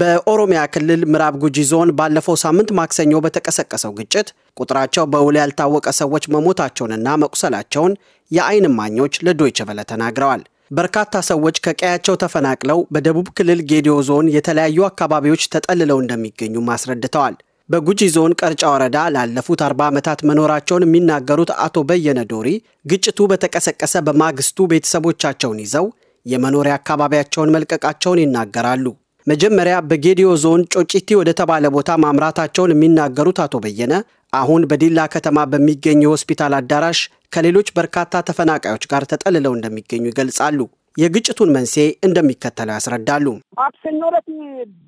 በኦሮሚያ ክልል ምዕራብ ጉጂ ዞን ባለፈው ሳምንት ማክሰኞ በተቀሰቀሰው ግጭት ቁጥራቸው በውል ያልታወቀ ሰዎች መሞታቸውንና መቁሰላቸውን የአይን ማኞች ለዶይቸ ተናግረዋል። በርካታ ሰዎች ከቀያቸው ተፈናቅለው በደቡብ ክልል ጌዲዮ ዞን የተለያዩ አካባቢዎች ተጠልለው እንደሚገኙ አስረድተዋል። በጉጂ ዞን ቀርጫ ወረዳ ላለፉት 40 ዓመታት መኖራቸውን የሚናገሩት አቶ በየነ ዶሪ ግጭቱ በተቀሰቀሰ በማግስቱ ቤተሰቦቻቸውን ይዘው የመኖሪያ አካባቢያቸውን መልቀቃቸውን ይናገራሉ። መጀመሪያ በጌዲዮ ዞን ጮጭቲ ወደ ተባለ ቦታ ማምራታቸውን የሚናገሩት አቶ በየነ አሁን በዲላ ከተማ በሚገኝ የሆስፒታል አዳራሽ ከሌሎች በርካታ ተፈናቃዮች ጋር ተጠልለው እንደሚገኙ ይገልጻሉ። የግጭቱን መንስኤ እንደሚከተለው ያስረዳሉ። አብሰኞረት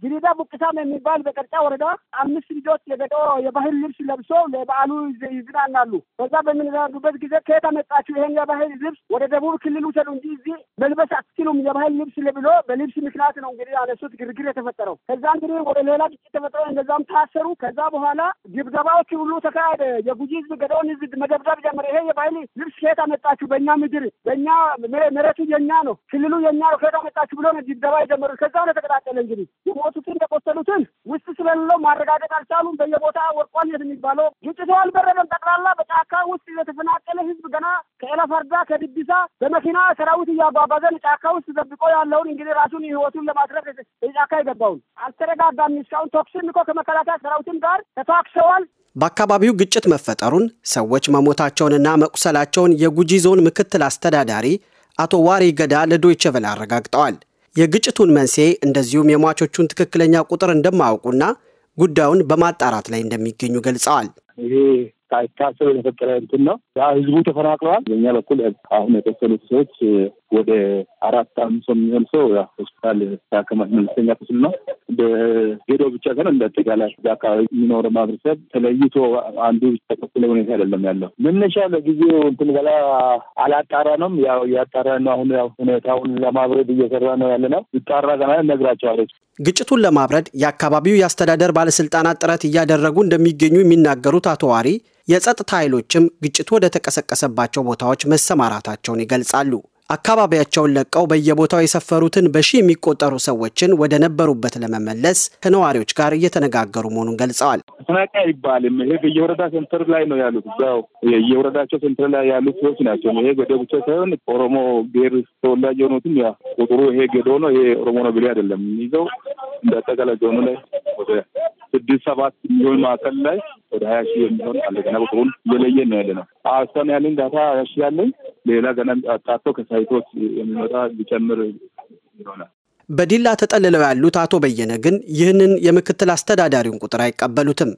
ድሪዳ ቡቅሳም የሚባል በቀርጫ ወረዳ አምስት ልጆች የገጦ የባህል ልብስ ለብሶ ለበዓሉ ይዝናናሉ። በዛ በምንዝናኑበት ጊዜ ከየት መጣችሁ ይሄን የባህል ልብስ ወደ ደቡብ ክልል ውሰዱ እንጂ እዚህ መልበስ አትችሉም የባህል ልብስ ብሎ በልብስ ምክንያት ነው እንግዲህ አነሱት ግርግር የተፈጠረው። ከዛ እንግዲህ ወደ ሌላ ግጭት ተፈጠረ። እንደዛም ታሰሩ። ከዛ በኋላ ድብደባዎች ሁሉ ተካሄደ። የጉጂ ህዝብ ገደውን ህዝብ መደብደብ ጀመረ። ይሄ የባህል ልብስ ከየት አመጣችሁ? በእኛ ምድር በእኛ መሬቱ የእኛ ነው፣ ክልሉ የእኛ ነው፣ ከየት አመጣችሁ ብሎ ነው ድብደባ የጀመሩ። ከዛ ነው የተቀጣጠለ። እንግዲህ የሞቱትን የቆሰሉትን ውስጥ ስለሌለው ማረጋገጥ አልቻሉም። በየቦታ ወርቋል የሚባለው ግጭቱ አልበረደም። ጠቅላላ በጫካ ውስጥ የተፈናቀለ ህዝብ ገና ከኤለፈርዳ ከድቢሳ በመኪና ሰራዊት እያጓጓዘን ጫካ ውስጥ ዘብቆ ያለውን እንግዲህ ራሱን ህይወቱን ለማድረግ ጫካ የገባውን አልተረጋጋም። እስካሁን ቶክስም እኮ ከመከላከያ ሰራዊትም ጋር ተታክሰዋል። በአካባቢው ግጭት መፈጠሩን ሰዎች መሞታቸውንና መቁሰላቸውን የጉጂ ዞን ምክትል አስተዳዳሪ አቶ ዋሪ ገዳ ለዶይቸ ቬለ አረጋግጠዋል። የግጭቱን መንስኤ እንደዚሁም የሟቾቹን ትክክለኛ ቁጥር እንደማያውቁና ጉዳዩን በማጣራት ላይ እንደሚገኙ ገልጸዋል። ይሄ ሳይታሰብ የተፈጠረ እንትን ነው። ህዝቡ ተፈናቅለዋል። በኛ በኩል አሁን የቆሰሉት ሰዎች ወደ አራት አምስት ሰው የሚሆን ሰው ሆስፒታል ታከማ መለስተኛ ክፍል ነው ሄዶ ብቻ ሳይሆን እንደ አጠቃላይ እዛ አካባቢ የሚኖረው ማህበረሰብ ተለይቶ አንዱ ብቻ ተከፍለ ሁኔታ አይደለም ያለው። መነሻ ለጊዜው እንትን ገላ አላጣራ ነውም ያው እያጣራ ነው። አሁን ያው ሁኔታውን ለማብረድ እየሰራ ነው ያለ ነው። ይጣራ ገና ነግራቸዋለች። ግጭቱን ለማብረድ የአካባቢው የአስተዳደር ባለስልጣናት ጥረት እያደረጉ እንደሚገኙ የሚናገሩት አቶ ዋሪ የጸጥታ ኃይሎችም ግጭቱ ወደ ተቀሰቀሰባቸው ቦታዎች መሰማራታቸውን ይገልጻሉ። አካባቢያቸውን ለቀው በየቦታው የሰፈሩትን በሺ የሚቆጠሩ ሰዎችን ወደ ነበሩበት ለመመለስ ከነዋሪዎች ጋር እየተነጋገሩ መሆኑን ገልጸዋል። ተፈናቃ አይባልም። ይሄ በየወረዳ ሴንተር ላይ ነው ያሉት። እዛው የየወረዳቸው ሴንተር ላይ ያሉት ሰዎች ናቸው። ይሄ ገደ ብቻ ሳይሆን ኦሮሞ ብሔር ተወላጅ የሆኑትም ያ ቁጥሩ ይሄ ገዶ ነው ይሄ ኦሮሞ ነው ብሎ አይደለም ይዘው እንደ ዞኑ ላይ ወደ ስድስት ሰባት የሚሆን ማዕከል ላይ ወደ ሀያ ሺህ የሚሆን አለ። ገና ቁጥሩን እየለየን ነው ያለ ነው። አስተን ያለኝ ዳታ ሀያ ሺህ ያለኝ ሌላ ገና አጣቶ ከሳይቶች የሚመጣ ሊጨምር ይሆናል። በዲላ ተጠልለው ያሉት አቶ በየነ ግን ይህንን የምክትል አስተዳዳሪውን ቁጥር አይቀበሉትም።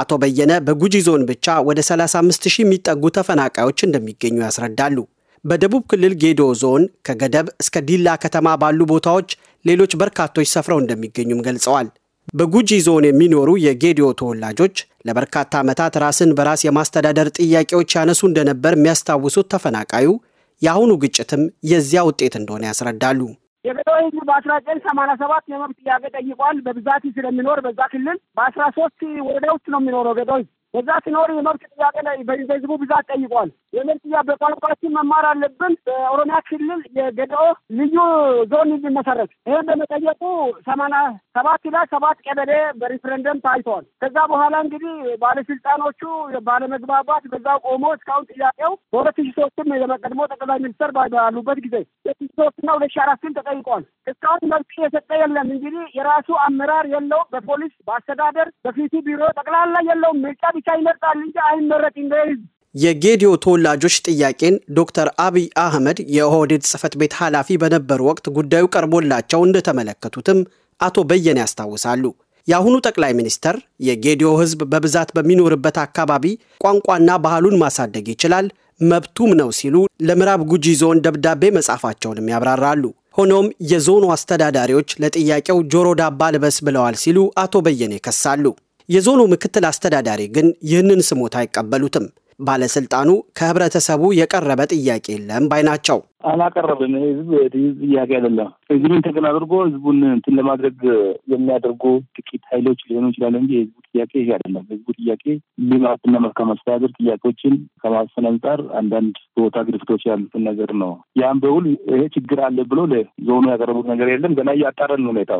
አቶ በየነ በጉጂ ዞን ብቻ ወደ 35 ሺህ የሚጠጉ ተፈናቃዮች እንደሚገኙ ያስረዳሉ። በደቡብ ክልል ጌዶ ዞን ከገደብ እስከ ዲላ ከተማ ባሉ ቦታዎች ሌሎች በርካቶች ሰፍረው እንደሚገኙም ገልጸዋል። በጉጂ ዞን የሚኖሩ የጌዲዮ ተወላጆች ለበርካታ ዓመታት ራስን በራስ የማስተዳደር ጥያቄዎች ያነሱ እንደነበር የሚያስታውሱት ተፈናቃዩ የአሁኑ ግጭትም የዚያ ውጤት እንደሆነ ያስረዳሉ። የገጠወይ ህዝብ በአስራ ዘጠኝ ሰማንያ ሰባት የመብት ጥያቄ ጠይቋል። በብዛት ስለሚኖር በዛ ክልል በአስራ ሶስት ወረዳዎች ነው የሚኖረው ገጠወይ በዛ ሲኖር የመብት ጥያቄ ላይ በህዝቡ ብዛት ጠይቋል። የመብት ጥያ በቋንቋችን መማር አለብን። በኦሮሚያ ክልል የገድኦ ልዩ ዞን እንዲመሰረት ይህን በመጠየቁ ሰማና ሰባት ላይ ሰባት ቀበሌ በሪፍረንደም ታይተዋል። ከዛ በኋላ እንግዲህ ባለስልጣኖቹ ባለመግባባት በዛው ቆሞ እስካሁን ጥያቄው በሁለት ሺ ሶስትም የቀድሞ ጠቅላይ ሚኒስትር ባሉበት ጊዜ ሁለት ሺ ሶስትና ሁለት ሺ አራትም ተጠይቋል። እስካሁን መብት የሰጠ የለም። እንግዲህ የራሱ አመራር የለውም። በፖሊስ በአስተዳደር በፊቱ ቢሮ ጠቅላላ የለውም። ምርጫ ብቻ ይመርጣል እንጂ አይመረጥ በህዝብ። የጌዲዮ ተወላጆች ጥያቄን ዶክተር አብይ አህመድ የኦህዴድ ጽህፈት ቤት ኃላፊ በነበሩ ወቅት ጉዳዩ ቀርቦላቸው እንደተመለከቱትም አቶ በየነ ያስታውሳሉ። የአሁኑ ጠቅላይ ሚኒስተር የጌዲዮ ህዝብ በብዛት በሚኖርበት አካባቢ ቋንቋና ባህሉን ማሳደግ ይችላል መብቱም ነው ሲሉ ለምዕራብ ጉጂ ዞን ደብዳቤ መጻፋቸውንም ያብራራሉ። ሆኖም የዞኑ አስተዳዳሪዎች ለጥያቄው ጆሮ ዳባ ልበስ ብለዋል ሲሉ አቶ በየነ ይከሳሉ። የዞኑ ምክትል አስተዳዳሪ ግን ይህንን ስሞታ አይቀበሉትም። ባለስልጣኑ ከህብረተሰቡ የቀረበ ጥያቄ የለም ባይ ናቸው። አላቀረብም። ህዝብ ጥያቄ አይደለም። ህዝብን ተገን አድርጎ ህዝቡን እንትን ለማድረግ የሚያደርጉ ጥቂት ኃይሎች ሊሆኑ ይችላል እንጂ የህዝቡ ጥያቄ ይሄ አይደለም። ህዝቡ ጥያቄ ልማትና መልካም አስተዳደር ጥያቄዎችን ከማስፈን አንጻር አንዳንድ ቦታ ግድፍቶች ያሉትን ነገር ነው። ያም በውል ይሄ ችግር አለ ብሎ ለዞኑ ያቀረቡት ነገር የለም። ገና እያጣረን ሁኔታ